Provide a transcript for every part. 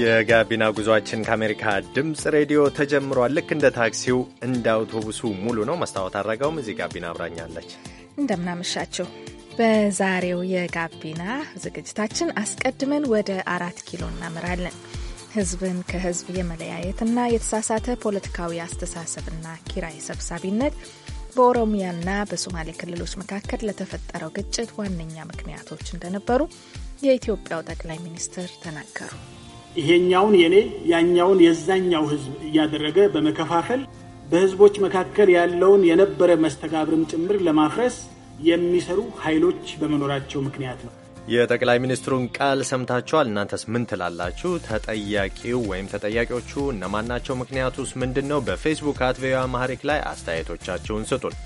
የጋቢና ጉዟችን ከአሜሪካ ድምፅ ሬዲዮ ተጀምሯል። ልክ እንደ ታክሲው እንደ አውቶቡሱ ሙሉ ነው። መስታወት አድረጋውም እዚህ ጋቢና አብራኛለች። እንደምናመሻቸው በዛሬው የጋቢና ዝግጅታችን አስቀድመን ወደ አራት ኪሎ እናምራለን። ህዝብን ከህዝብ የመለያየትና የተሳሳተ ፖለቲካዊ አስተሳሰብና ኪራይ ሰብሳቢነት በኦሮሚያና በሶማሌ ክልሎች መካከል ለተፈጠረው ግጭት ዋነኛ ምክንያቶች እንደነበሩ የኢትዮጵያው ጠቅላይ ሚኒስትር ተናገሩ። ይሄኛውን የኔ ያኛውን የዛኛው ህዝብ እያደረገ በመከፋፈል በህዝቦች መካከል ያለውን የነበረ መስተጋብርም ጭምር ለማፍረስ የሚሰሩ ኃይሎች በመኖራቸው ምክንያት ነው። የጠቅላይ ሚኒስትሩን ቃል ሰምታችኋል። እናንተስ ምን ትላላችሁ? ተጠያቂው ወይም ተጠያቂዎቹ እነማን ናቸው? ምክንያቱስ ምንድን ነው? በፌስቡክ አት ቪኦኤ አማሪክ ላይ አስተያየቶቻችሁን ስጡን።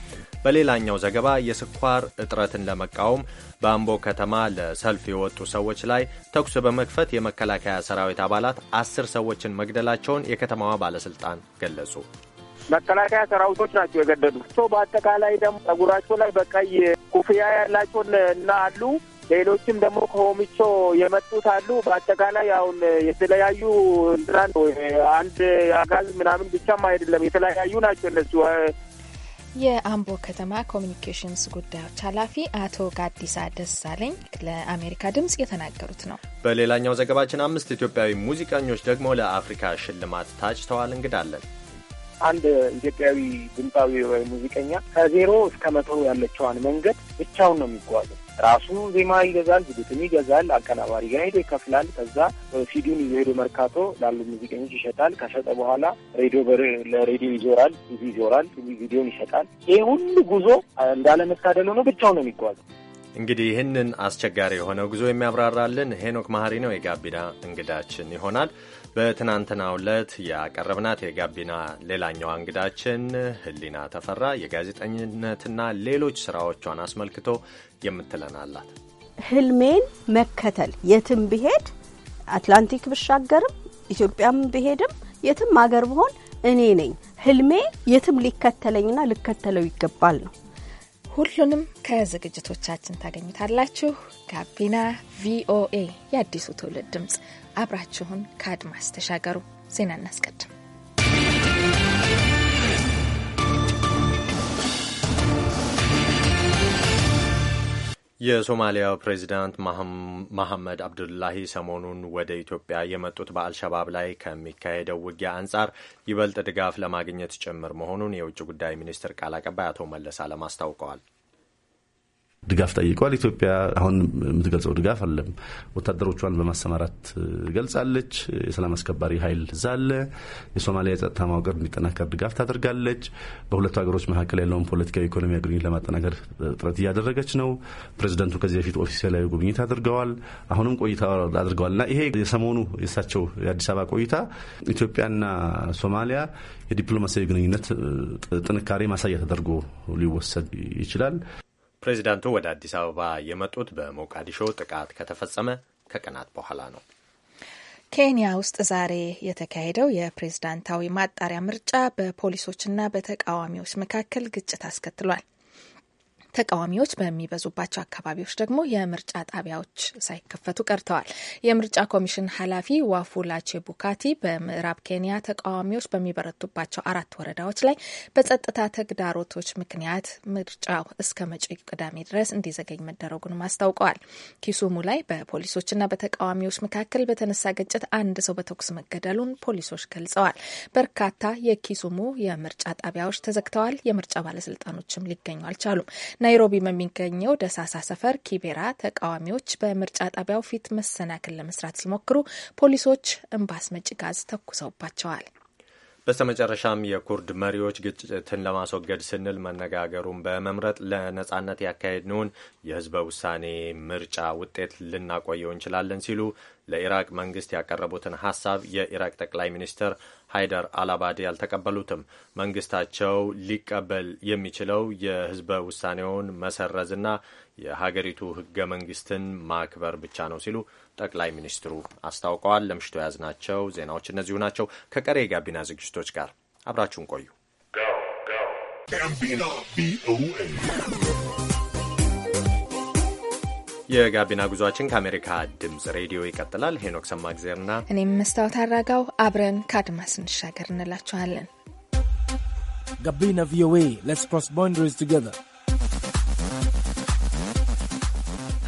በሌላኛው ዘገባ የስኳር እጥረትን ለመቃወም በአምቦ ከተማ ለሰልፍ የወጡ ሰዎች ላይ ተኩስ በመክፈት የመከላከያ ሰራዊት አባላት አስር ሰዎችን መግደላቸውን የከተማዋ ባለስልጣን ገለጹ። መከላከያ ሰራዊቶች ናቸው የገደሉት። በአጠቃላይ ደግሞ ጸጉራቸው ላይ በቀይ ኩፍያ ያላቸው እና አሉ ሌሎችም ደግሞ ከሆሚቾ የመጡት አሉ። በአጠቃላይ አሁን የተለያዩ እንትናን አንድ አጋዝ ምናምን ብቻም አይደለም የተለያዩ ናቸው እነሱ የአምቦ ከተማ ኮሚኒኬሽንስ ጉዳዮች ኃላፊ አቶ ጋዲሳ ደሳለኝ ለአሜሪካ ድምፅ የተናገሩት ነው። በሌላኛው ዘገባችን አምስት ኢትዮጵያዊ ሙዚቀኞች ደግሞ ለአፍሪካ ሽልማት ታጭተዋል። እንግዳለን አንድ ኢትዮጵያዊ ድምፃዊ ሙዚቀኛ ከዜሮ እስከ መቶ ያለችዋን መንገድ ብቻውን ነው የሚጓዘው ራሱ ዜማ ይገዛል፣ ዝግትም ይገዛል፣ አቀናባሪ ጋር ሄዶ ይከፍላል። ከዛ ሲዲውን ይዞ ሄዶ መርካቶ ላሉ ሙዚቀኞች ይሸጣል። ከሸጠ በኋላ ሬዲዮ ለሬዲዮ ይዞራል፣ ቲቪ ይዞራል፣ ቪዲዮን ይሸጣል። ይህ ሁሉ ጉዞ እንዳለመታደል ሆኖ ብቻው ነው የሚጓዘው። እንግዲህ ይህንን አስቸጋሪ የሆነ ጉዞ የሚያብራራልን ሄኖክ ማህሪ ነው የጋቢና እንግዳችን ይሆናል። በትናንትናው ዕለት ያቀረብናት የጋቢና ሌላኛዋ እንግዳችን ህሊና ተፈራ የጋዜጠኝነትና ሌሎች ስራዎቿን አስመልክቶ የምትለናላት ህልሜን መከተል የትም ብሄድ አትላንቲክ ብሻገርም ኢትዮጵያም ብሄድም የትም አገር ብሆን እኔ ነኝ ህልሜ የትም ሊከተለኝና ልከተለው ይገባል ነው ሁሉንም ከዝግጅቶቻችን ታገኙታላችሁ። ጋቢና ቪኦኤ የአዲሱ ትውልድ ድምፅ፣ አብራችሁን ከአድማስ ተሻገሩ። ዜና እናስቀድም። የሶማሊያው ፕሬዚዳንት መሐመድ አብዱላሂ ሰሞኑን ወደ ኢትዮጵያ የመጡት በአልሸባብ ላይ ከሚካሄደው ውጊያ አንጻር ይበልጥ ድጋፍ ለማግኘት ጭምር መሆኑን የውጭ ጉዳይ ሚኒስትር ቃል አቀባይ አቶ መለስ አለም አስታውቀዋል። ድጋፍ ጠይቋል። ኢትዮጵያ አሁን የምትገልጸው ድጋፍ አለም ወታደሮቿን በማሰማራት ገልጻለች። የሰላም አስከባሪ ኃይል ዛለ የሶማሊያ የጸጥታ ማውቀር እንዲጠናከር ድጋፍ ታደርጋለች። በሁለቱ ሀገሮች መካከል ያለውን ፖለቲካዊ፣ ኢኮኖሚ ግንኙነት ለማጠናከር ጥረት እያደረገች ነው። ፕሬዚደንቱ ከዚህ በፊት ኦፊሴላዊ ጉብኝት አድርገዋል። አሁንም ቆይታ አድርገዋል ይሄ የሰሞኑ የሳቸው የአዲስ አበባ ቆይታ ኢትዮጵያና ሶማሊያ የዲፕሎማሲያዊ ግንኙነት ጥንካሬ ማሳያ ተደርጎ ሊወሰድ ይችላል። ፕሬዚዳንቱ ወደ አዲስ አበባ የመጡት በሞቃዲሾ ጥቃት ከተፈጸመ ከቀናት በኋላ ነው። ኬንያ ውስጥ ዛሬ የተካሄደው የፕሬዝዳንታዊ ማጣሪያ ምርጫ በፖሊሶችና በተቃዋሚዎች መካከል ግጭት አስከትሏል። ተቃዋሚዎች በሚበዙባቸው አካባቢዎች ደግሞ የምርጫ ጣቢያዎች ሳይከፈቱ ቀርተዋል። የምርጫ ኮሚሽን ኃላፊ ዋፉላ ቼቡካቲ በምዕራብ ኬንያ ተቃዋሚዎች በሚበረቱባቸው አራት ወረዳዎች ላይ በጸጥታ ተግዳሮቶች ምክንያት ምርጫው እስከ መጪ ቅዳሜ ድረስ እንዲዘገኝ መደረጉንም አስታውቀዋል። ኪሱሙ ላይ በፖሊሶችና በተቃዋሚዎች መካከል በተነሳ ግጭት አንድ ሰው በተኩስ መገደሉን ፖሊሶች ገልጸዋል። በርካታ የኪሱሙ የምርጫ ጣቢያዎች ተዘግተዋል። የምርጫ ባለስልጣኖችም ሊገኙ አልቻሉም። ናይሮቢ በሚገኘው ደሳሳ ሰፈር ኪቤራ ተቃዋሚዎች በምርጫ ጣቢያው ፊት መሰናክል ለመስራት ሲሞክሩ ፖሊሶች እምባ አስመጪ ጋዝ ተኩሰውባቸዋል። በስተመጨረሻም የኩርድ መሪዎች ግጭትን ለማስወገድ ስንል መነጋገሩን በመምረጥ ለነጻነት ያካሄድነውን የህዝበ ውሳኔ ምርጫ ውጤት ልናቆየው እንችላለን ሲሉ ለኢራቅ መንግስት ያቀረቡትን ሀሳብ የኢራቅ ጠቅላይ ሚኒስትር ሃይደር አልአባዲ አልተቀበሉትም። መንግስታቸው ሊቀበል የሚችለው የህዝበ ውሳኔውን መሰረዝና የሀገሪቱ ህገ መንግስትን ማክበር ብቻ ነው ሲሉ ጠቅላይ ሚኒስትሩ አስታውቀዋል። ለምሽቱ የያዝናቸው ዜናዎች እነዚሁ ናቸው። ከቀሬ የጋቢና ዝግጅቶች ጋር አብራችሁን ቆዩ። የጋቢና ጉዟችን ከአሜሪካ ድምጽ ሬዲዮ ይቀጥላል። ሄኖክ ሰማእግዜርና እኔም መስታወት አራጋው አብረን ከአድማስ እንሻገር እንላችኋለን። ጋቢና ቪኦኤ ስ ክሮስ ባውንደሪስ ቱጌዘር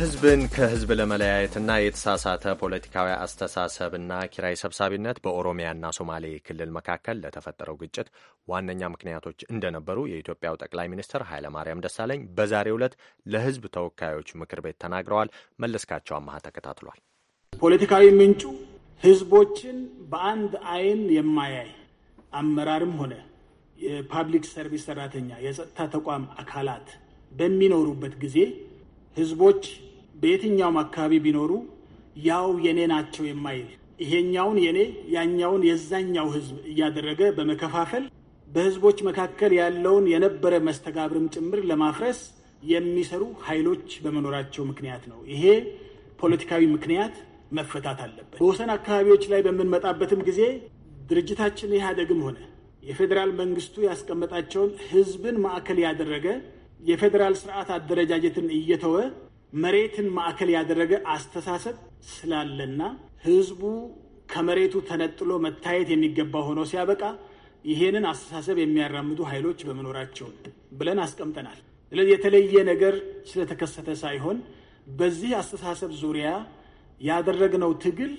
ህዝብን ከህዝብ ለመለያየትና የተሳሳተ ፖለቲካዊ አስተሳሰብና ኪራይ ሰብሳቢነት በኦሮሚያና ሶማሌ ክልል መካከል ለተፈጠረው ግጭት ዋነኛ ምክንያቶች እንደነበሩ የኢትዮጵያው ጠቅላይ ሚኒስትር ኃይለማርያም ደሳለኝ በዛሬው ዕለት ለህዝብ ተወካዮች ምክር ቤት ተናግረዋል። መለስካቸው አመሀ ተከታትሏል። ፖለቲካዊ ምንጩ ህዝቦችን በአንድ አይን የማያይ አመራርም ሆነ የፓብሊክ ሰርቪስ ሰራተኛ፣ የጸጥታ ተቋም አካላት በሚኖሩበት ጊዜ ህዝቦች በየትኛውም አካባቢ ቢኖሩ ያው የኔ ናቸው የማይል ይሄኛውን የኔ ያኛውን የዛኛው ህዝብ እያደረገ በመከፋፈል በህዝቦች መካከል ያለውን የነበረ መስተጋብርም ጭምር ለማፍረስ የሚሰሩ ኃይሎች በመኖራቸው ምክንያት ነው። ይሄ ፖለቲካዊ ምክንያት መፈታት አለበት። በወሰን አካባቢዎች ላይ በምንመጣበትም ጊዜ ድርጅታችን ኢህአደግም ሆነ የፌዴራል መንግስቱ ያስቀመጣቸውን ህዝብን ማዕከል ያደረገ የፌዴራል ስርዓት አደረጃጀትን እየተወ መሬትን ማዕከል ያደረገ አስተሳሰብ ስላለና ህዝቡ ከመሬቱ ተነጥሎ መታየት የሚገባ ሆኖ ሲያበቃ ይሄንን አስተሳሰብ የሚያራምዱ ኃይሎች በመኖራቸው ብለን አስቀምጠናል። ስለዚህ የተለየ ነገር ስለተከሰተ ሳይሆን በዚህ አስተሳሰብ ዙሪያ ያደረግነው ትግል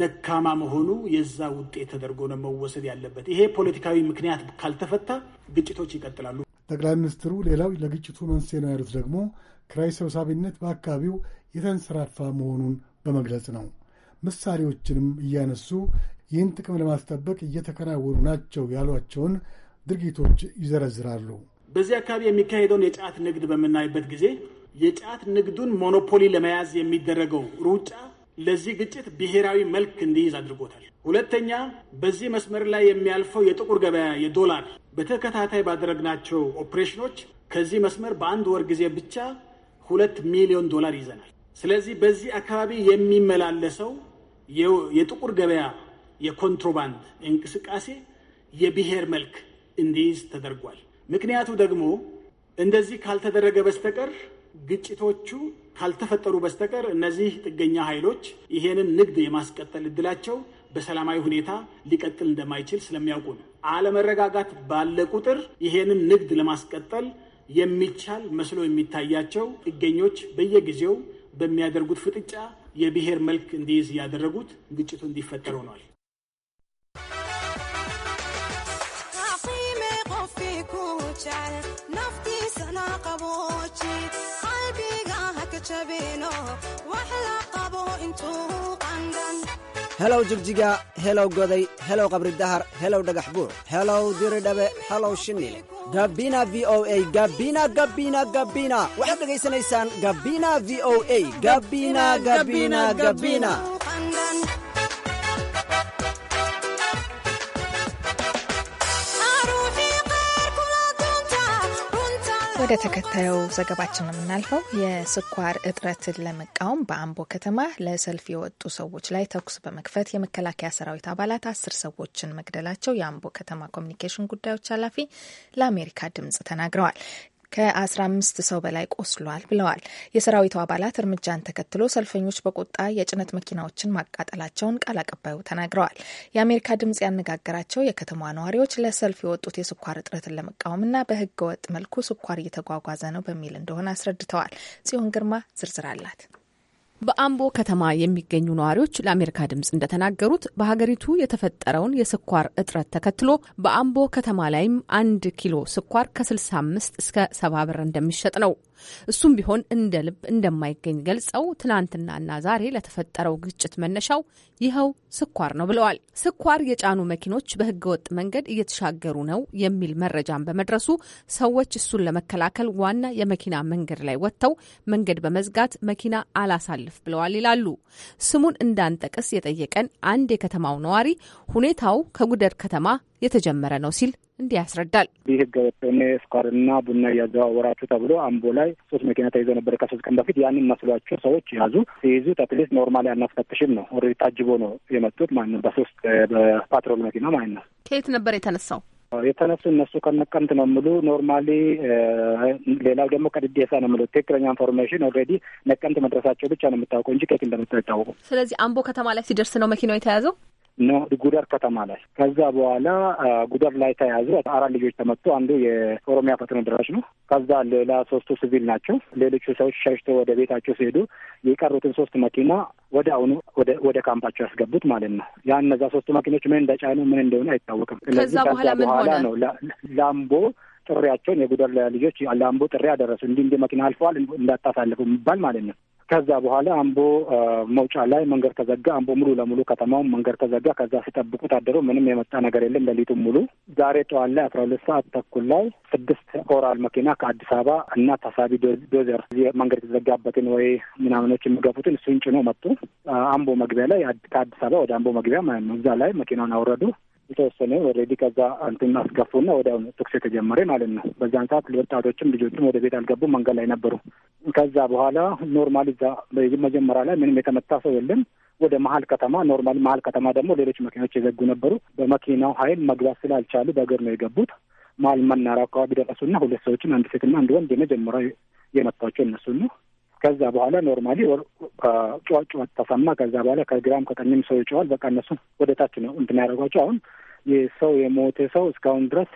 ደካማ መሆኑ የዛ ውጤት ተደርጎ ነው መወሰድ ያለበት። ይሄ ፖለቲካዊ ምክንያት ካልተፈታ ግጭቶች ይቀጥላሉ። ጠቅላይ ሚኒስትሩ ሌላው ለግጭቱ መንስኤ ነው ያሉት ደግሞ ክራይ ሰብሳቢነት በአካባቢው የተንሰራፋ መሆኑን በመግለጽ ነው። ምሳሌዎችንም እያነሱ ይህን ጥቅም ለማስጠበቅ እየተከናወኑ ናቸው ያሏቸውን ድርጊቶች ይዘረዝራሉ። በዚህ አካባቢ የሚካሄደውን የጫት ንግድ በምናይበት ጊዜ የጫት ንግዱን ሞኖፖሊ ለመያዝ የሚደረገው ሩጫ ለዚህ ግጭት ብሔራዊ መልክ እንዲይዝ አድርጎታል። ሁለተኛ፣ በዚህ መስመር ላይ የሚያልፈው የጥቁር ገበያ የዶላር በተከታታይ ባደረግናቸው ኦፕሬሽኖች ከዚህ መስመር በአንድ ወር ጊዜ ብቻ ሁለት ሚሊዮን ዶላር ይዘናል። ስለዚህ በዚህ አካባቢ የሚመላለሰው የጥቁር ገበያ የኮንትሮባንድ እንቅስቃሴ የብሔር መልክ እንዲይዝ ተደርጓል። ምክንያቱ ደግሞ እንደዚህ ካልተደረገ በስተቀር ግጭቶቹ ካልተፈጠሩ በስተቀር እነዚህ ጥገኛ ኃይሎች ይሄንን ንግድ የማስቀጠል እድላቸው በሰላማዊ ሁኔታ ሊቀጥል እንደማይችል ስለሚያውቁ ነው። አለመረጋጋት ባለ ቁጥር ይሄንን ንግድ ለማስቀጠል የሚቻል መስሎ የሚታያቸው ጥገኞች በየጊዜው በሚያደርጉት ፍጥጫ የብሔር መልክ እንዲይዝ ያደረጉት ግጭቱ እንዲፈጠር ሆኗል። helow jigjiga helow goday helow qabri dahar helow dhagax buur helow diridhabe helow shinil gabina v o a gabina gabina gabina waxaad dhegaysanaysaan gabina v o a gabina gabina gabina ወደ ተከታዩ ዘገባችን የምናልፈው የስኳር እጥረትን ለመቃወም በአምቦ ከተማ ለሰልፍ የወጡ ሰዎች ላይ ተኩስ በመክፈት የመከላከያ ሰራዊት አባላት አስር ሰዎችን መግደላቸው የአምቦ ከተማ ኮሚኒኬሽን ጉዳዮች ኃላፊ ለአሜሪካ ድምጽ ተናግረዋል። ከ15 ሰው በላይ ቆስሏል ብለዋል። የሰራዊቱ አባላት እርምጃን ተከትሎ ሰልፈኞች በቁጣ የጭነት መኪናዎችን ማቃጠላቸውን ቃል አቀባዩ ተናግረዋል። የአሜሪካ ድምጽ ያነጋገራቸው የከተማ ነዋሪዎች ለሰልፍ የወጡት የስኳር እጥረትን ለመቃወምና በህገ ወጥ መልኩ ስኳር እየተጓጓዘ ነው በሚል እንደሆነ አስረድተዋል። ጽዮን ግርማ ዝርዝር አላት። በአምቦ ከተማ የሚገኙ ነዋሪዎች ለአሜሪካ ድምፅ እንደተናገሩት በሀገሪቱ የተፈጠረውን የስኳር እጥረት ተከትሎ በአምቦ ከተማ ላይም አንድ ኪሎ ስኳር ከ65 እስከ 70 ብር እንደሚሸጥ ነው እሱም ቢሆን እንደ ልብ እንደማይገኝ ገልጸው ትናንትናና ዛሬ ለተፈጠረው ግጭት መነሻው ይኸው ስኳር ነው ብለዋል። ስኳር የጫኑ መኪኖች በህገወጥ መንገድ እየተሻገሩ ነው የሚል መረጃን በመድረሱ ሰዎች እሱን ለመከላከል ዋና የመኪና መንገድ ላይ ወጥተው መንገድ በመዝጋት መኪና አላሳልፍ ብለዋል ይላሉ። ስሙን እንዳንጠቅስ የጠየቀን አንድ የከተማው ነዋሪ ሁኔታው ከጉደር ከተማ የተጀመረ ነው ሲል እንዲህ ያስረዳል። ይህ ህገ ስኳርና ቡና እያዘዋወራችሁ ተብሎ አምቦ ላይ ሶስት መኪና ተይዞ ነበር ከሶስት ቀን በፊት። ያንን መስሏቸው ሰዎች ያዙ። ሲይዙ አትሊስት ኖርማል አናስፈትሽም ነው። ኦልሬዲ ታጅቦ ነው የመጡት ማለት ነው። በሶስት በፓትሮል መኪና ማለት ነው። ከየት ነበር የተነሳው? የተነሱ እነሱ ከነቀምት ነው ምሉ ኖርማሊ፣ ሌላው ደግሞ ከድዴሳ ነው ምሉ። ትክክለኛ ኢንፎርሜሽን ኦልሬዲ ነቀምት መድረሳቸው ብቻ ነው የምታውቀው እንጂ ከየት እንደመጣ አይታወቁም። ስለዚህ አምቦ ከተማ ላይ ሲደርስ ነው መኪናው የተያዘው። ጉደር ከተማ ላይ። ከዛ በኋላ ጉደር ላይ ተያዙ። አራት ልጆች ተመቶ አንዱ የኦሮሚያ ፈጥኖ ደራሽ ነው። ከዛ ሌላ ሶስቱ ሲቪል ናቸው። ሌሎቹ ሰዎች ሸሽቶ ወደ ቤታቸው ሲሄዱ የቀሩትን ሶስት መኪና ወደ አሁኑ ወደ ካምፓቸው ያስገቡት ማለት ነው። ያ እነዛ ሶስቱ መኪኖች ምን እንደጫኑ ምን እንደሆነ አይታወቅም። ስለዚህ ከዛ በኋላ ነው ላምቦ ጥሪያቸውን የጉደር ልጆች ላምቦ ጥሪ ያደረሱ እንዲህ እንዲህ መኪና አልፈዋል እንዳታሳልፉ የሚባል ማለት ነው። ከዛ በኋላ አምቦ መውጫ ላይ መንገድ ተዘጋ። አምቦ ሙሉ ለሙሉ ከተማውን መንገድ ተዘጋ። ከዛ ሲጠብቁ ታደሩ። ምንም የመጣ ነገር የለም። ሌሊቱን ሙሉ ዛሬ ጠዋት ላይ አስራ ሁለት ሰዓት ተኩል ላይ ስድስት ኦራል መኪና ከአዲስ አበባ እና ታሳቢ ዶዘር መንገድ የተዘጋበትን ወይ ምናምኖች የሚገፉትን እሱን ጭኖ መጡ። አምቦ መግቢያ ላይ ከአዲስ አበባ ወደ አምቦ መግቢያ እዛ ላይ መኪናውን አውረዱ። የተወሰነ ኦልሬዲ ከዛ አንቱን አስገፉና ወዲያው ተኩስ የተጀመረ ማለት ነው። በዛን ሰዓት ወጣቶችም ልጆችም ወደ ቤት አልገቡም፣ መንገድ ላይ ነበሩ። ከዛ በኋላ ኖርማል እዛ መጀመሪያ ላይ ምንም የተመታ ሰው የለም። ወደ መሀል ከተማ ኖርማል መሀል ከተማ ደግሞ ሌሎች መኪኖች የዘጉ ነበሩ። በመኪናው ኃይል መግባት ስላልቻሉ በእግር ነው የገቡት። መሀል መናሪያ አካባቢ ደረሱና ሁለት ሰዎችን አንድ ሴትና አንድ ወንድ የመጀመሪያ የመታቸው እነሱ ነው። ከዛ በኋላ ኖርማሊ ጩኸት ተሰማ። ከዛ በኋላ ከግራም ከቀኝም ሰው ይጨዋል። በቃ እነሱ ወደ ታች ነው እንትን ያደረጓቸው። አሁን የሰው የሞተ ሰው እስካሁን ድረስ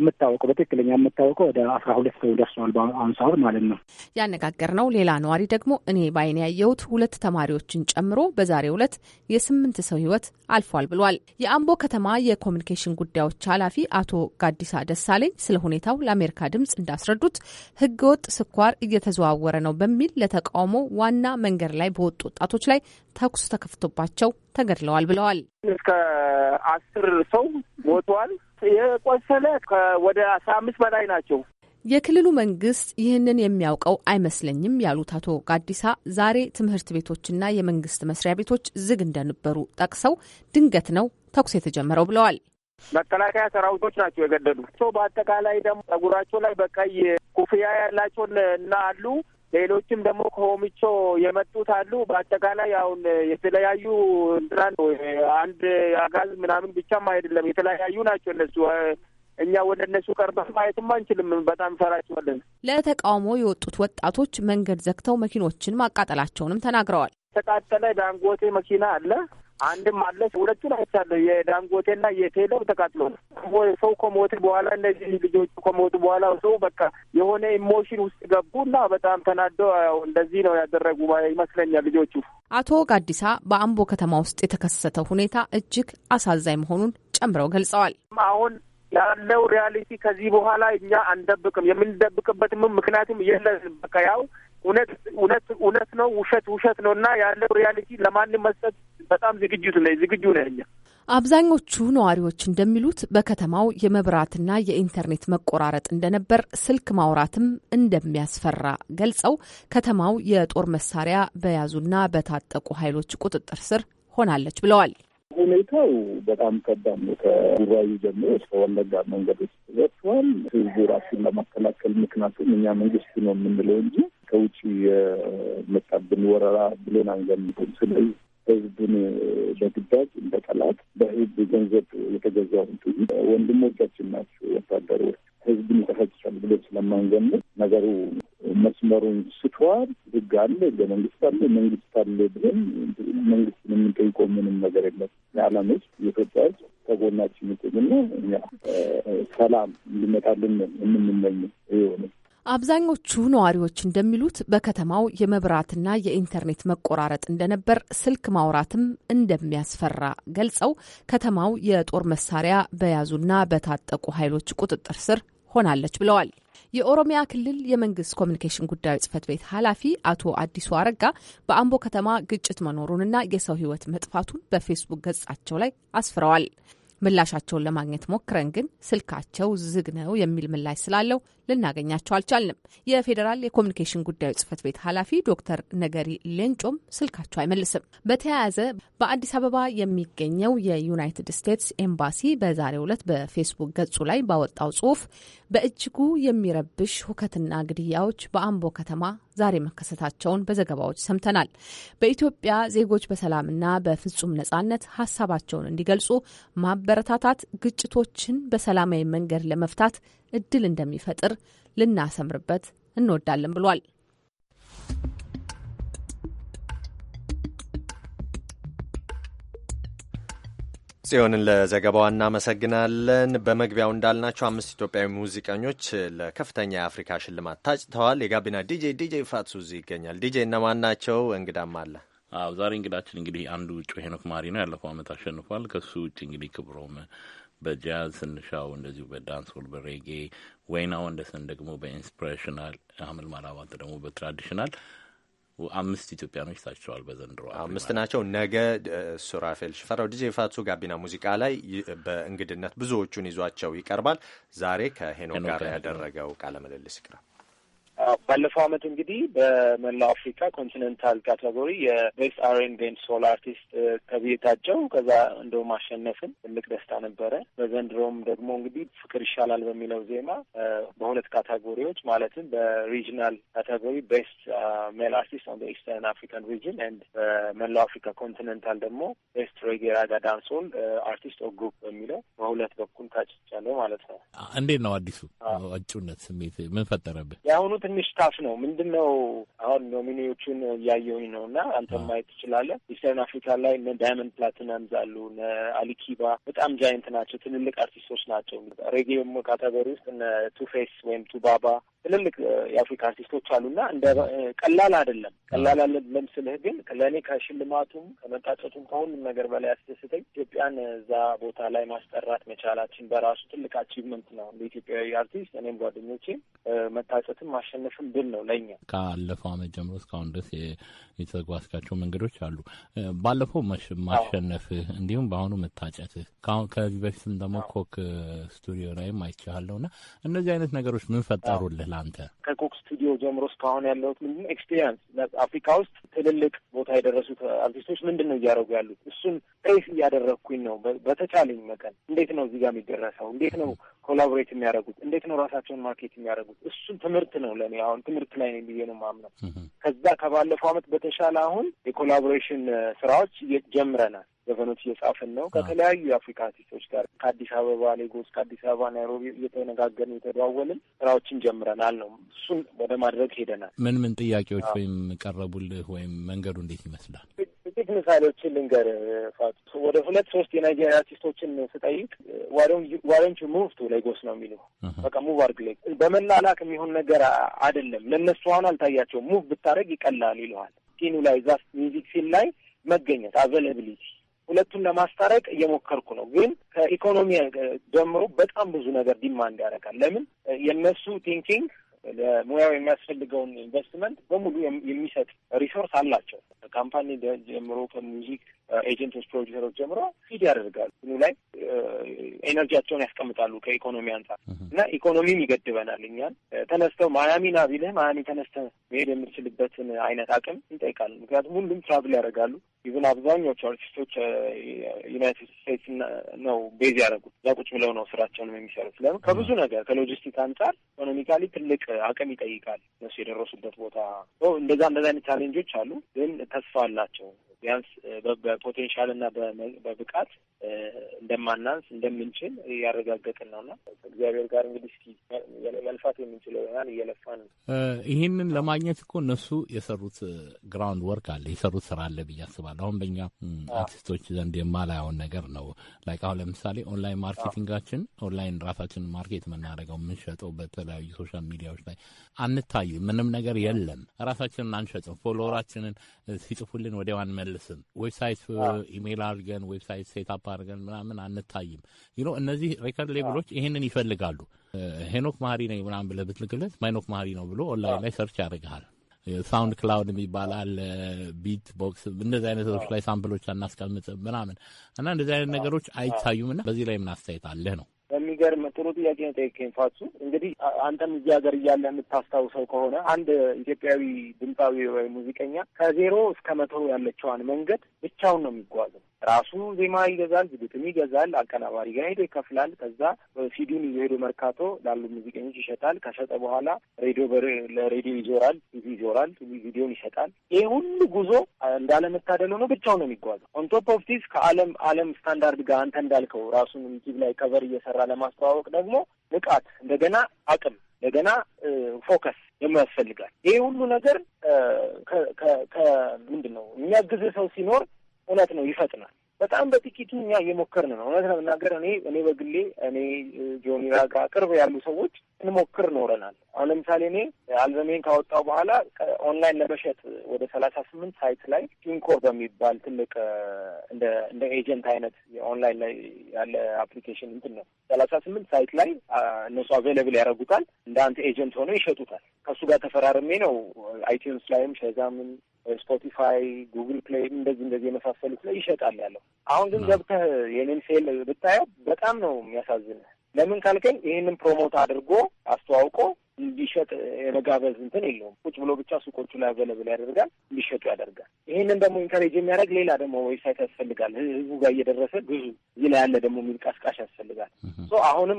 የምታወቀው በትክክለኛ የምታወቀው ወደ አስራ ሁለት ሰው ደርሷል በአሁኑ ሰዓት ማለት ነው። ነው ሌላ ነዋሪ ደግሞ እኔ በአይን ያየሁት ሁለት ተማሪዎችን ጨምሮ በዛሬው ዕለት የስምንት ሰው ህይወት አልፏል ብሏል። የአምቦ ከተማ የኮሚኒኬሽን ጉዳዮች ኃላፊ አቶ ጋዲሳ ደሳለኝ ስለ ሁኔታው ለአሜሪካ ድምጽ እንዳስረዱት ህገወጥ ስኳር እየተዘዋወረ ነው በሚል ለተቃውሞ ዋና መንገድ ላይ በወጡ ወጣቶች ላይ ተኩስ ተከፍቶባቸው ተገድለዋል ብለዋል። እስከ አስር ሰው ሞቷል። የቆሰለ ወደ አስራ አምስት በላይ ናቸው። የክልሉ መንግስት ይህንን የሚያውቀው አይመስለኝም ያሉት አቶ ጋዲሳ ዛሬ ትምህርት ቤቶችና የመንግስት መስሪያ ቤቶች ዝግ እንደነበሩ ጠቅሰው ድንገት ነው ተኩስ የተጀመረው ብለዋል። መከላከያ ሰራዊቶች ናቸው የገደሉ። በአጠቃላይ ደግሞ ጸጉራቸው ላይ በቀይ ኩፍያ ያላቸው እና አሉ ሌሎችም ደግሞ ከሆሚቾ የመጡት አሉ። በአጠቃላይ አሁን የተለያዩ እንትና ነው አንድ አጋዝ ምናምን ብቻም አይደለም፣ የተለያዩ ናቸው እነሱ። እኛ ወደ እነሱ ቀርበን ማየትም አንችልም። በጣም እንፈራቸዋለን። ለተቃውሞ የወጡት ወጣቶች መንገድ ዘግተው መኪኖችን ማቃጠላቸውንም ተናግረዋል። የተቃጠለ ዳንጎቴ መኪና አለ። አንድም አለች። ሁለቱን አይቻለሁ። የዳንጎቴና የቴለው ተቃጥሎ ሰው ከሞት በኋላ እነዚህ ልጆቹ ከሞቱ በኋላ ሰው በቃ የሆነ ኢሞሽን ውስጥ ገቡና በጣም ተናደው እንደዚህ ነው ያደረጉ ይመስለኛል ልጆቹ። አቶ ጋዲሳ በአምቦ ከተማ ውስጥ የተከሰተው ሁኔታ እጅግ አሳዛኝ መሆኑን ጨምረው ገልጸዋል። አሁን ያለው ሪያሊቲ ከዚህ በኋላ እኛ አንደብቅም። የምንደብቅበትም ምክንያቱም የለን በቃ ያው እውነት እውነት እውነት ነው፣ ውሸት ውሸት ነው እና ያለው ሪያሊቲ ለማንም መስጠት በጣም ዝግጅት ነ ዝግጁ ነ እኛ አብዛኞቹ ነዋሪዎች እንደሚሉት በከተማው የመብራትና የኢንተርኔት መቆራረጥ እንደነበር፣ ስልክ ማውራትም እንደሚያስፈራ ገልጸው ከተማው የጦር መሳሪያ በያዙና በታጠቁ ኃይሎች ቁጥጥር ስር ሆናለች ብለዋል። ሁኔታው በጣም ከባድ ነው። ከጉራዩ ጀምሮ እስከ ወለጋ መንገዶች ወጥተዋል። ህዝቡ ራሱን ለማከላከል ምክንያቱም እኛ መንግስቱ ነው የምንለው እንጂ ከውጭ የመጣብን ወረራ ብለን አንገምትም። ስለዚህ ህዝብን በግዳጅ እንደ ጠላት በህዝብ ገንዘብ ት ወንድሞቻችን ናቸው ወታደሮች ህዝብን ይጠፈጭሻል ብሎ ስለማንገምት ነገሩ መስመሩን ስቷል። ህግ አለ፣ ህገ መንግስት አለ፣ መንግስት አለ ብለን መንግስትን የምንጠይቀው ምንም ነገር የለም። የዓለም ህዝብ የኢትዮጵያ ህዝብ ከጎናችን ይቁምና እኛ ሰላም እንዲመጣልን የምንመኝ ይሆንም አብዛኞቹ ነዋሪዎች እንደሚሉት በከተማው የመብራትና የኢንተርኔት መቆራረጥ እንደነበር፣ ስልክ ማውራትም እንደሚያስፈራ ገልጸው ከተማው የጦር መሳሪያ በያዙና በታጠቁ ኃይሎች ቁጥጥር ስር ሆናለች ብለዋል። የኦሮሚያ ክልል የመንግስት ኮሚኒኬሽን ጉዳዮች ጽህፈት ቤት ኃላፊ አቶ አዲሱ አረጋ በአምቦ ከተማ ግጭት መኖሩንና የሰው ህይወት መጥፋቱን በፌስቡክ ገጻቸው ላይ አስፍረዋል። ምላሻቸውን ለማግኘት ሞክረን ግን ስልካቸው ዝግ ነው የሚል ምላሽ ስላለው ልናገኛቸው አልቻልንም። የፌዴራል የኮሚኒኬሽን ጉዳዮች ጽህፈት ቤት ኃላፊ ዶክተር ነገሪ ሌንጮም ስልካቸው አይመልስም። በተያያዘ በአዲስ አበባ የሚገኘው የዩናይትድ ስቴትስ ኤምባሲ በዛሬው ዕለት በፌስቡክ ገጹ ላይ ባወጣው ጽሁፍ በእጅጉ የሚረብሽ ሁከትና ግድያዎች በአምቦ ከተማ ዛሬ መከሰታቸውን በዘገባዎች ሰምተናል። በኢትዮጵያ ዜጎች በሰላምና በፍጹም ነጻነት ሀሳባቸውን እንዲገልጹ ማበረታታት፣ ግጭቶችን በሰላማዊ መንገድ ለመፍታት እድል እንደሚፈጥር ልናሰምርበት እንወዳለን ብሏል። ጽዮንን ለዘገባዋ እናመሰግናለን። በመግቢያው እንዳልናቸው አምስት ኢትዮጵያዊ ሙዚቀኞች ለከፍተኛ የአፍሪካ ሽልማት ታጭተዋል። የጋቢና ዲጄ ዲጄ ፋትሱ እዚህ ይገኛል። ዲጄ እነማን ናቸው? እንግዳም አለ። አዎ ዛሬ እንግዳችን እንግዲህ አንዱ ውጭ ሄኖክ ማሪ ነው። ያለፈው ዓመት አሸንፏል። ከሱ ውጭ እንግዲህ ክብሮም በጃዝ ስንሻው እንደዚሁ በዳንስ ሆል በሬጌ ወይናው እንደሰን ደግሞ በኢንስፕሬሽናል አምል ማላባት ደግሞ በትራዲሽናል አምስት ኢትዮጵያኖች ታቸዋል በዘንድሮ አምስት ናቸው። ነገ ሱራፌል ሽፈራው ዲጄ ፋቱ ጋቢና ሙዚቃ ላይ በእንግድነት ብዙዎቹን ይዟቸው ይቀርባል። ዛሬ ከሄኖ ጋር ያደረገው ቃለ ምልልስ ይቅራል። ባለፈው አመት እንግዲህ በመላው አፍሪካ ኮንቲኔንታል ካቴጎሪ የቤስት አር ኤን ቤንድ ሶል አርቲስት ተብዬ ከዛ እንደው ማሸነፍን ትልቅ ደስታ ነበረ። በዘንድሮም ደግሞ እንግዲህ ፍቅር ይሻላል በሚለው ዜማ በሁለት ካቴጎሪዎች ማለትም በሪጅናል ካቴጎሪ ቤስት ሜል አርቲስት ኦን ኢስተርን አፍሪካን ሪጅን ኤንድ በመላው አፍሪካ ኮንቲኔንታል ደግሞ ቤስት ሬጌ ራጋ ዳንሶል አርቲስት ኦ ግሩፕ በሚለው በሁለት በኩል ታጭቻለሁ ማለት ነው። እንዴት ነው አዲሱ አጩነት ስሜት ምን ፈጠረብህ? የአሁኑ ትንሽ ታፍ ነው። ምንድን ነው አሁን ኖሚኒዎቹን እያየሁኝ ነው እና አንተ ማየት ትችላለህ። ኢስተርን አፍሪካ ላይ እነ ዳያመንድ ፕላቲናምዝ አሉ፣ እነ አሊኪባ በጣም ጃይንት ናቸው፣ ትልልቅ አርቲስቶች ናቸው። ሬጌም ካተጎሪ ውስጥ እነ ቱፌስ ወይም ቱባባ ትልልቅ የአፍሪካ አርቲስቶች አሉና እንደ ቀላል አይደለም። ቀላል አይደለም ስልህ ግን ለእኔ ከሽልማቱም ከመጣጨቱም ከሁሉም ነገር በላይ ያስደስተኝ ኢትዮጵያን እዛ ቦታ ላይ ማስጠራት መቻላችን በራሱ ትልቅ አቺቭመንት ነው እንደ ኢትዮጵያዊ አርቲስት እኔም ጓደኞቼም መታጨትም ማሸነፍም ድል ነው ለኛ። ካለፈው ዓመት ጀምሮ እስካሁን ድረስ የተጓዝካቸው መንገዶች አሉ። ባለፈው ማሸነፍህ እንዲሁም በአሁኑ መታጨትህ ከዚህ በፊትም ደግሞ ኮክ ስቱዲዮ ላይም አይቻለሁና እነዚህ አይነት ነገሮች ምን ፈጠሩልህ? ለአንተ? ከኮክ ስቱዲዮ ጀምሮ እስካሁን ያለሁት ምንድነው ኤክስፔሪንስ አፍሪካ ውስጥ ትልልቅ ቦታ የደረሱት አርቲስቶች ምንድን ነው እያደረጉ ያሉት? እሱን ፌስ እያደረግኩኝ ነው በተቻለኝ መቀን እንዴት ነው እዚህ ጋር የሚደረሰው? እንዴት ነው ኮላቦሬት የሚያደረጉት እንዴት ነው ራሳቸውን ማርኬት የሚያደረጉት እሱን ትምህርት ነው ለእኔ አሁን ትምህርት ላይ ነው ብዬ ነው ማምነው። ከዛ ከባለፈው አመት በተሻለ አሁን የኮላቦሬሽን ስራዎች ጀምረናል። ዘፈኖች እየጻፍን ነው። ከተለያዩ የአፍሪካ አርቲስቶች ጋር ከአዲስ አበባ ሌጎስ፣ ከአዲስ አበባ ናይሮቢ እየተነጋገርን እየተደዋወልን ስራዎችን ጀምረናል ነው እሱን ወደ ማድረግ ሄደናል። ምን ምን ጥያቄዎች ወይም ቀረቡልህ ወይም መንገዱ እንዴት ይመስላል? ጥቂት ምሳሌዎችን ልንገር ፋቱ። ወደ ሁለት ሶስት የናይጄሪያ አርቲስቶችን ስጠይቅ ዋረንቹ ሙቭ ቱ ሌጎስ ነው የሚሉ በቃ ሙቭ አርግ ሌ በመላላክ የሚሆን ነገር አይደለም ለእነሱ አሁን አልታያቸውም። ሙቭ ብታደረግ ይቀላል ይለዋል። ሲኑ ላይ ዛ ሚዚክ ሲል ላይ መገኘት አቬላብሊቲ ሁለቱን ለማስታረቅ እየሞከርኩ ነው። ግን ከኢኮኖሚ ጀምሮ በጣም ብዙ ነገር ዲማንድ ያደርጋል። ለምን የእነሱ ቲንኪንግ ለሙያው የሚያስፈልገውን ኢንቨስትመንት በሙሉ የሚሰጥ ሪሶርስ አላቸው። ካምፓኒ ጀምሮ ከሙዚክ ኤጀንቶች፣ ፕሮዲሰሮች ጀምሮ ፊድ ያደርጋሉ። ኑ ላይ ኤነርጂያቸውን ያስቀምጣሉ ከኢኮኖሚ አንጻር እና ኢኮኖሚም ይገድበናል እኛን ተነስተው ማያሚ ና ቢልህ ማያሚ ተነስተ መሄድ የምችልበትን አይነት አቅም እንጠይቃለን። ምክንያቱም ሁሉም ትራቭል ያደርጋሉ። ኢቭን አብዛኞቹ አርቲስቶች ዩናይትድ ስቴትስ ነው ቤዝ ያደረጉት። እዛ ብለው ነው ስራቸውንም የሚሰሩት። ለምን ከብዙ ነገር ከሎጂስቲክ አንጻር ኢኮኖሚካሊ ትልቅ አቅም ይጠይቃል። እነሱ የደረሱበት ቦታ እንደዛ እንደዛ አይነት ቻሌንጆች አሉ፣ ግን ተስፋ አላቸው። ቢያንስ በፖቴንሻል እና በብቃት እንደማናንስ እንደምንችል እያረጋገጥን ነው እና እግዚአብሔር ጋር እንግዲህ እስኪ መልፋት የምንችለው ይሆናል እየለፋን ነው። ይህንን ለማግኘት እኮ እነሱ የሰሩት ግራውንድ ወርክ አለ የሰሩት ስራ አለ ብዬ አስባለሁ። አሁን በእኛ አርቲስቶች ዘንድ የማላየውን ነገር ነው። ላይክ አሁን ለምሳሌ ኦንላይን ማርኬቲንጋችን ኦንላይን ራሳችን ማርኬት የምናደርገው የምንሸጠው በተለያዩ ሶሻል ሚዲያዎች ላይ አንታዩ ምንም ነገር የለም። ራሳችንን አንሸጥም። ፎሎወራችንን ሲጽፉልን ወዲያዋን መለ አንመልስም። ዌብሳይት ኢሜይል አድርገን ዌብሳይት ሴታፕ አድርገን ምናምን አንታይም። ዩ ኖ እነዚህ ሬከርድ ሌብሎች ይሄንን ይፈልጋሉ። ሄኖክ ማህሪ ነኝ ምናምን ብለህ ብትልክለት ማይኖክ ማህሪ ነው ብሎ ኦንላይን ላይ ሰርች ያደርግሃል። ሳውንድ ክላውድ የሚባላል ቢት ቦክስ እንደዚህ አይነቶች ላይ ሳምፕሎች አናስቀምጥም ምናምን እና እንደዚህ አይነት ነገሮች አይታዩም። እና በዚህ ላይ ምን አስተያየት አለህ ነው የሚገርም ጥሩ ጥያቄ ነው ጠየቀኝ ፋሱ። እንግዲህ አንተም እዚህ ሀገር እያለ የምታስታውሰው ከሆነ አንድ ኢትዮጵያዊ ድምፃዊ ወይ ሙዚቀኛ ከዜሮ እስከ መቶ ያለችዋን መንገድ ብቻውን ነው የሚጓዘው። ራሱ ዜማ ይገዛል፣ ዝግጥም ይገዛል፣ አቀናባሪ ጋር ሄዶ ይከፍላል። ከዛ ሲዲን ይዞ ሄዶ መርካቶ ላሉ ሙዚቀኞች ይሸጣል። ከሸጠ በኋላ ሬዲዮ ለሬዲዮ ይዞራል፣ ቲቪ ይዞራል፣ ቪዲዮን ይሸጣል። ይሄ ሁሉ ጉዞ እንዳለመታደል ሆኖ ብቻው ነው የሚጓዘው። ኦንቶፕ ኦፍ ቲስ ከአለም አለም ስታንዳርድ ጋር አንተ እንዳልከው ራሱን ዩቲዩብ ላይ ከቨር እየሰራ ለማስተዋወቅ ደግሞ ንቃት፣ እንደገና አቅም እንደገና ፎከስ የሚያስፈልጋል። ይሄ ሁሉ ነገር ከምንድን ነው የሚያግዝ ሰው ሲኖር እውነት ነው ይፈጥናል። በጣም በጥቂቱ እኛ እየሞከርን ነው። እውነት ለመናገር እኔ እኔ በግሌ እኔ ጆኒራ ጋር ቅርብ ያሉ ሰዎች እንሞክር ኖረናል። አሁን ለምሳሌ እኔ አልበሜን ካወጣው በኋላ ኦንላይን ለመሸጥ ወደ ሰላሳ ስምንት ሳይት ላይ ኢንኮር በሚባል ትልቅ እንደ ኤጀንት አይነት የኦንላይን ላይ ያለ አፕሊኬሽን እንትን ነው። ሰላሳ ስምንት ሳይት ላይ እነሱ አቬለብል ያደርጉታል። እንደ አንተ ኤጀንት ሆነው ይሸጡታል። ከእሱ ጋር ተፈራርሜ ነው አይቲዩንስ ላይም ሸዛምን ስፖቲፋይ፣ ጉግል ፕሌይ እንደዚህ እንደዚህ የመሳሰሉት ላይ ይሸጣል ያለው። አሁን ግን ገብተህ የኔን ሴል ብታየው በጣም ነው የሚያሳዝንህ። ለምን ካልከኝ ይህንን ፕሮሞት አድርጎ አስተዋውቆ እንዲሸጥ የመጋበዝ እንትን የለውም። ቁጭ ብሎ ብቻ ሱቆቹ ላይ አቬለብል ያደርጋል፣ እንዲሸጡ ያደርጋል። ይህንን ደግሞ ኢንካሬጅ የሚያደርግ ሌላ ደግሞ ዌብሳይት ያስፈልጋል። ህዝቡ ጋር እየደረሰ ግዙ፣ እዚህ ላይ ያለ ደግሞ የሚንቀስቃሽ ያስፈልጋል። አሁንም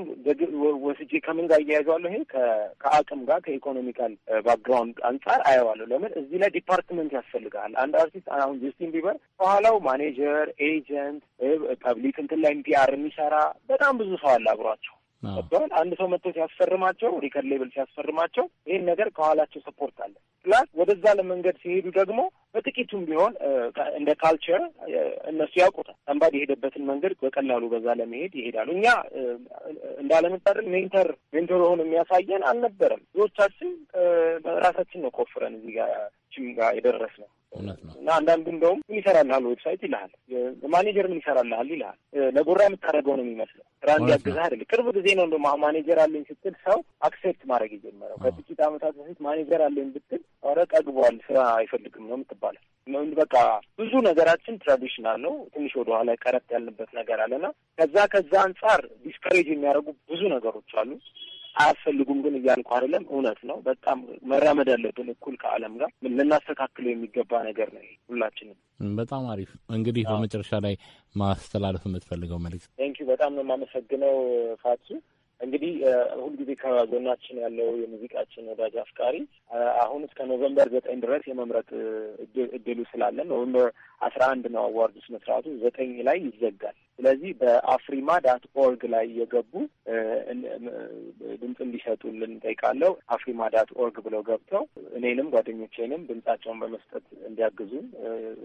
ወስጄ ከምን ጋር እያያዘዋለሁ? ይሄ ከአቅም ጋር ከኢኮኖሚካል ባክግራውንድ አንጻር አየዋለሁ። ለምን እዚህ ላይ ዲፓርትመንት ያስፈልጋል። አንድ አርቲስት አሁን ጀስቲን ቢበር ከኋላው ማኔጀር፣ ኤጀንት፣ ፐብሊክ እንትን ላይ ፒአር የሚሰራ በጣም ብዙ ሰው አለ አብሯቸው ገብተዋል። አንድ ሰው መጥቶ ሲያስፈርማቸው፣ ሪከርድ ሌብል ሲያስፈርማቸው ይህን ነገር ከኋላቸው ሰፖርት አለ። ፕላስ ወደዛ ለመንገድ ሲሄዱ ደግሞ በጥቂቱም ቢሆን እንደ ካልቸር እነሱ ያውቁታል። ሰንባድ የሄደበትን መንገድ በቀላሉ በዛ ለመሄድ ይሄዳሉ። እኛ እንዳለመታደል ሜንተር ሜንተር ሆኖ የሚያሳየን አልነበረም። ብዙዎቻችን ራሳችን ነው ቆፍረን እዚህ ጋር የደረስ ነው እውነት ነው። እና አንዳንዱ እንደውም ምን ይሰራልሃል ዌብሳይት ይልሃል፣ ማኔጀር ምን ይሰራልሃል ይልሃል። ለጎራ የምታደርገው ነው የሚመስለው። ስራ እንዲያግዝህ አይደለ። ቅርብ ጊዜ ነው እንደውም ማኔጀር አለኝ ስትል ሰው አክሴፕት ማድረግ የጀመረው። ከጥቂት ዓመታት በፊት ማኔጀር አለኝ ብትል ኧረ ጠግቧል፣ ስራ አይፈልግም ነው የምትባለው። በቃ ብዙ ነገራችን ትራዲሽናል ነው። ትንሽ ኋላ ቀረጥ ያልንበት ነገር አለና ከዛ ከዛ አንጻር ዲስከሬጅ የሚያደርጉ ብዙ ነገሮች አሉ። አያስፈልጉም ግን እያልኩ አይደለም። እውነት ነው። በጣም መራመድ አለብን እኩል ከዓለም ጋር ልናስተካክለው የሚገባ ነገር ነው ሁላችንም። በጣም አሪፍ። እንግዲህ በመጨረሻ ላይ ማስተላለፍ የምትፈልገው መልዕክት? ቴንኪዩ። በጣም ነው የማመሰግነው ፋቱ እንግዲህ ሁልጊዜ ከጎናችን ያለው የሙዚቃችን ወዳጅ አፍቃሪ አሁን እስከ ኖቨምበር ዘጠኝ ድረስ የመምረጥ እድሉ ስላለን ኖቨምበር አስራ አንድ ነው አዋርዱ ስነ ስርዓቱ ዘጠኝ ላይ ይዘጋል። ስለዚህ በአፍሪማ ዳት ኦርግ ላይ የገቡ ድምፅ እንዲሰጡልን እንጠይቃለሁ። አፍሪማ ዳት ኦርግ ብለው ገብተው እኔንም ጓደኞቼንም ድምጻቸውን በመስጠት እንዲያግዙ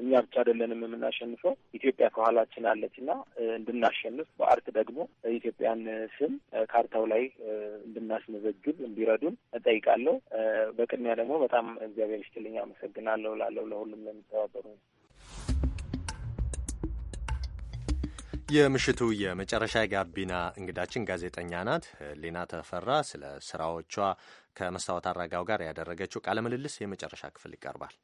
እኛ ብቻ አይደለንም የምናሸንፈው ኢትዮጵያ ከኋላችን አለች እና እንድናሸንፍ በአርት ደግሞ ኢትዮጵያን ስም ካርታው ላይ እንድናስመዘግብ እንዲረዱን እጠይቃለሁ። በቅድሚያ ደግሞ በጣም እግዚአብሔር ይስጥልኝ አመሰግናለሁ ላለው ለሁሉም ለሚተባበሩ የምሽቱ የመጨረሻ ጋቢና እንግዳችን ጋዜጠኛ ናት ህሊና ተፈራ። ስለ ስራዎቿ ከመስታወት አረጋው ጋር ያደረገችው ቃለ ምልልስ የመጨረሻ ክፍል ይቀርባል።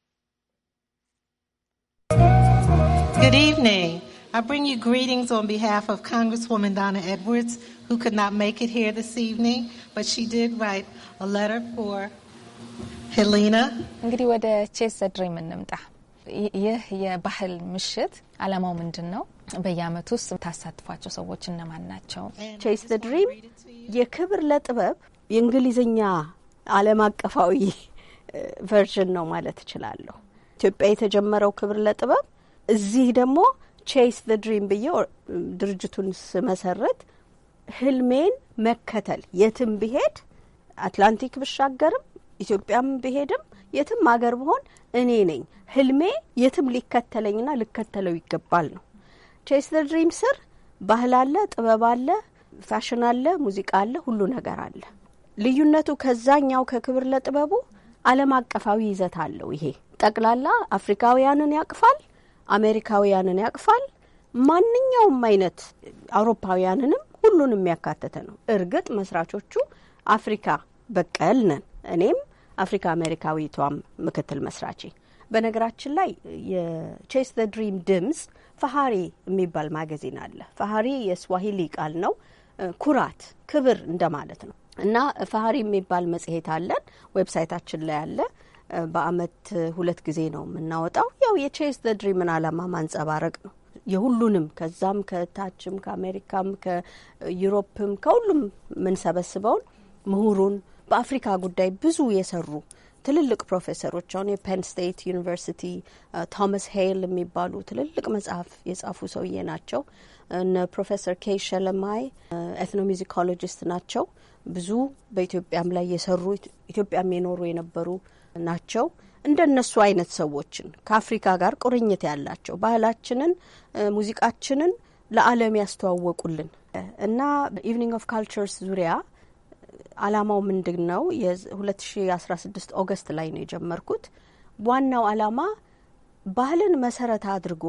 Good evening. I bring you greetings on behalf of Congresswoman Donna Edwards, who could not make it here this evening, but she did write a letter for ሄሊና እንግዲህ ወደ ቼስ ድሪም እንምጣ። ይህ የባህል ምሽት አላማው ምንድን ነው? በየአመቱ ውስጥ የምታሳትፏቸው ሰዎች እነማን ናቸው? ቼስ ድሪም የክብር ለጥበብ የእንግሊዝኛ ዓለም አቀፋዊ ቨርዥን ነው ማለት እችላለሁ። ኢትዮጵያ የተጀመረው ክብር ለጥበብ እዚህ ደግሞ ቼስ ዘ ድሪም ብዬ ድርጅቱን ስመሰረት ህልሜን መከተል የትም ብሄድ አትላንቲክ ብሻገርም ኢትዮጵያም ብሄድም የትም አገር ብሆን እኔ ነኝ ህልሜ የትም ሊከተለኝና ልከተለው ይገባል ነው። ቼስ ዘ ድሪም ስር ባህል አለ፣ ጥበብ አለ፣ ፋሽን አለ፣ ሙዚቃ አለ፣ ሁሉ ነገር አለ። ልዩነቱ ከዛኛው ከክብር ለጥበቡ ዓለም አቀፋዊ ይዘት አለው። ይሄ ጠቅላላ አፍሪካውያንን ያቅፋል። አሜሪካውያንን ያቅፋል። ማንኛውም አይነት አውሮፓውያንንም ሁሉንም የሚያካተተ ነው። እርግጥ መስራቾቹ አፍሪካ በቀል ነን። እኔም አፍሪካ አሜሪካዊቷም ምክትል መስራቼ። በነገራችን ላይ የቼስ ዘ ድሪም ድምጽ ፈሀሪ የሚባል ማገዚን አለ። ፈሀሪ የስዋሂሊ ቃል ነው፣ ኩራት ክብር እንደማለት ነው። እና ፈሀሪ የሚባል መጽሔት አለን፣ ዌብሳይታችን ላይ አለ። በአመት ሁለት ጊዜ ነው የምናወጣው። ያው የቼስ ዘ ድሪምን አላማ ማንጸባረቅ ነው። የሁሉንም ከዛም ከታችም ከአሜሪካም ከዩሮፕም ከሁሉም የምንሰበስበውን ምሁሩን በአፍሪካ ጉዳይ ብዙ የሰሩ ትልልቅ ፕሮፌሰሮች አሁን የፔን ስቴት ዩኒቨርሲቲ ቶማስ ሄይል የሚባሉ ትልልቅ መጽሐፍ የጻፉ ሰውዬ ናቸው። እነ ፕሮፌሰር ኬ ሸለማይ ኤትኖሚዚኮሎጂስት ናቸው። ብዙ በኢትዮጵያም ላይ የሰሩ ኢትዮጵያም የኖሩ የነበሩ ናቸው። እንደነሱ አይነት ሰዎችን ከአፍሪካ ጋር ቁርኝት ያላቸው ባህላችንን፣ ሙዚቃችንን ለዓለም ያስተዋወቁልን እና ኢቭኒንግ ኦፍ ካልቸርስ ዙሪያ አላማው ምንድን ነው? የ2016 ኦገስት ላይ ነው የጀመርኩት። ዋናው አላማ ባህልን መሰረት አድርጎ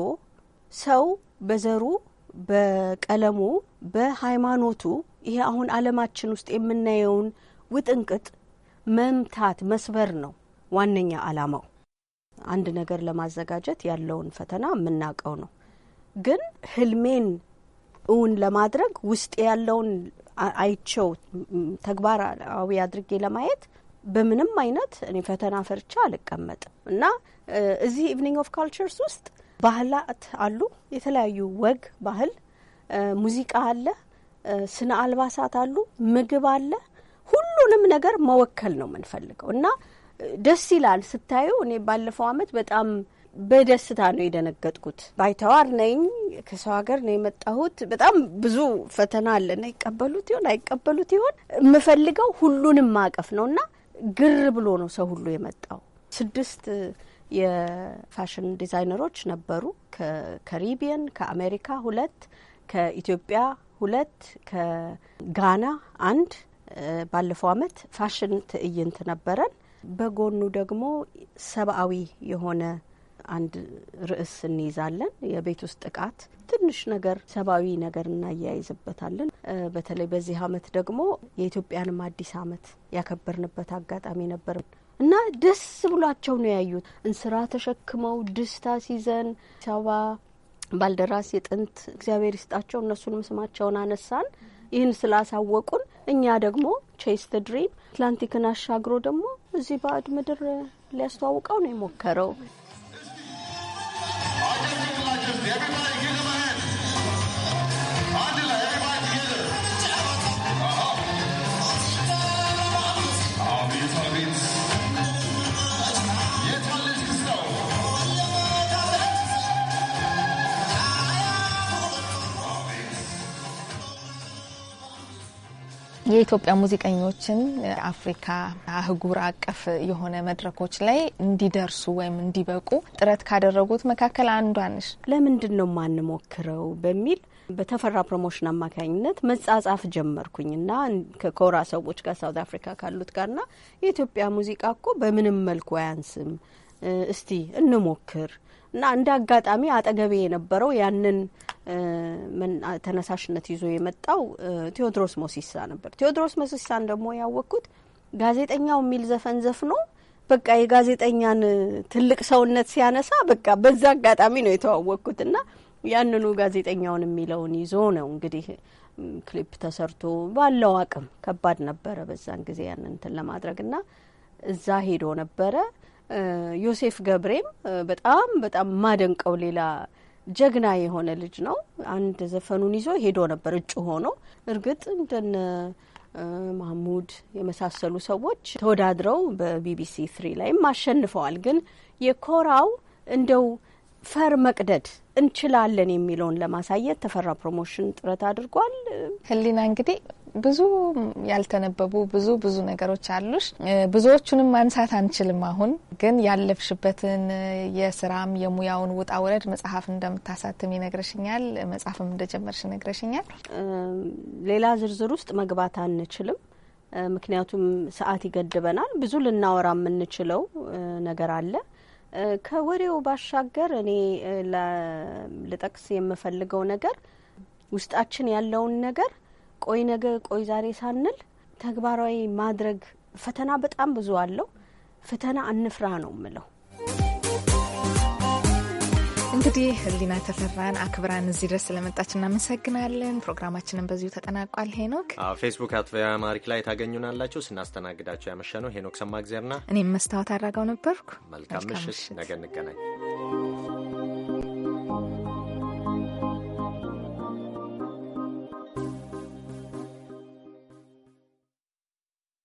ሰው በዘሩ፣ በቀለሙ፣ በሃይማኖቱ ይሄ አሁን አለማችን ውስጥ የምናየውን ውጥንቅጥ መምታት መስበር ነው። ዋነኛ አላማው። አንድ ነገር ለማዘጋጀት ያለውን ፈተና የምናውቀው ነው። ግን ህልሜን እውን ለማድረግ ውስጥ ያለውን አይቸው ተግባራዊ አድርጌ ለማየት በምንም አይነት እኔ ፈተና ፈርቻ አልቀመጥም እና እዚህ ኢቭኒንግ ኦፍ ካልቸርስ ውስጥ ባህላት አሉ። የተለያዩ ወግ ባህል፣ ሙዚቃ አለ፣ ስነ አልባሳት አሉ፣ ምግብ አለ። ሁሉንም ነገር መወከል ነው የምንፈልገው እና ደስ ይላል ስታዩ። እኔ ባለፈው አመት በጣም በደስታ ነው የደነገጥኩት። ባይተዋር ነኝ፣ ከሰው ሀገር ነው የመጣሁት። በጣም ብዙ ፈተና አለና ይቀበሉት ይሆን አይቀበሉት ይሆን የምፈልገው ሁሉንም ማቀፍ ነው እና ግር ብሎ ነው ሰው ሁሉ የመጣው። ስድስት የፋሽን ዲዛይነሮች ነበሩ ከካሪቢየን፣ ከአሜሪካ ሁለት፣ ከኢትዮጵያ ሁለት፣ ከጋና አንድ። ባለፈው አመት ፋሽን ትዕይንት ነበረን። በጎኑ ደግሞ ሰብአዊ የሆነ አንድ ርዕስ እንይዛለን። የቤት ውስጥ ጥቃት ትንሽ ነገር ሰብአዊ ነገር እናያይዝበታለን። በተለይ በዚህ አመት ደግሞ የኢትዮጵያንም አዲስ አመት ያከበርንበት አጋጣሚ ነበር እና ደስ ብሏቸው ነው ያዩት። እንስራ ተሸክመው ድስታ ሲዘን ሰባ ባልደራስ የጥንት እግዚአብሔር ይስጣቸው እነሱንም ስማቸውን አነሳን። ይህን ስላሳወቁን እኛ ደግሞ ቼስ ድሪም አትላንቲክን አሻግሮ ደግሞ እዚህ ባዕድ ምድር ሊያስተዋውቀው ነው የሞከረው። የኢትዮጵያ ሙዚቀኞችን አፍሪካ አህጉር አቀፍ የሆነ መድረኮች ላይ እንዲደርሱ ወይም እንዲበቁ ጥረት ካደረጉት መካከል አንዷ ነሽ። ለምንድን ነው ማንሞክረው በሚል በተፈራ ፕሮሞሽን አማካኝነት መጻጻፍ ጀመርኩኝ እና ከኮራ ሰዎች ጋር ሳውት አፍሪካ ካሉት ጋርና የኢትዮጵያ ሙዚቃ እኮ በምንም መልኩ አያንስም፣ እስቲ እንሞክር እና እንደ አጋጣሚ አጠገቤ የነበረው ያንን ተነሳሽነት ይዞ የመጣው ቴዎድሮስ ሞሲሳ ነበር። ቴዎድሮስ ሞሲሳን ደግሞ ያወቅኩት ጋዜጠኛው የሚል ዘፈን ዘፍኖ በቃ የጋዜጠኛን ትልቅ ሰውነት ሲያነሳ በቃ በዛ አጋጣሚ ነው የተዋወቅኩት እና ያንኑ ጋዜጠኛውን የሚለውን ይዞ ነው እንግዲህ ክሊፕ ተሰርቶ ባለው አቅም ከባድ ነበረ በዛን ጊዜ ያንን እንትን ለማድረግ እና እዛ ሄዶ ነበረ። ዮሴፍ ገብሬም በጣም በጣም ማደንቀው ሌላ ጀግና የሆነ ልጅ ነው። አንድ ዘፈኑን ይዞ ሄዶ ነበር እጩ ሆኖ። እርግጥ እንደነ ማህሙድ የመሳሰሉ ሰዎች ተወዳድረው በቢቢሲ ትሪ ላይም አሸንፈዋል። ግን የኮራው እንደው ፈር መቅደድ እንችላለን የሚለውን ለማሳየት ተፈራ ፕሮሞሽን ጥረት አድርጓል። ህሊና እንግዲህ ብዙ ያልተነበቡ ብዙ ብዙ ነገሮች አሉሽ። ብዙዎቹንም ማንሳት አንችልም። አሁን ግን ያለፍሽበትን የስራም የሙያውን ውጣ ውረድ መጽሐፍ እንደምታሳትም ይነግረሽኛል። መጽሐፍም እንደጀመርሽ ይነግረሽኛል። ሌላ ዝርዝር ውስጥ መግባት አንችልም፣ ምክንያቱም ሰዓት ይገድበናል። ብዙ ልናወራ የምንችለው ነገር አለ። ከወሬው ባሻገር እኔ ልጠቅስ የምፈልገው ነገር ውስጣችን ያለውን ነገር ቆይ ነገ ቆይ ዛሬ ሳንል ተግባራዊ ማድረግ ፈተና በጣም ብዙ አለው። ፈተና አንፍራ ነው ምለው። እንግዲህ ህሊና ተፈራን አክብራን እዚህ ድረስ ስለመጣች እናመሰግናለን። ፕሮግራማችንን በዚሁ ተጠናቋል። ሄኖክ ፌስቡክ አት ቪኦኤ አማሪክ ላይ ታገኙናላችሁ። ስናስተናግዳቸው ያመሸ ነው ሄኖክ ሰማእግዜርና እኔም መስታወት አድራጋው ነበርኩ። መልካም ምሽት፣ ነገ እንገናኝ።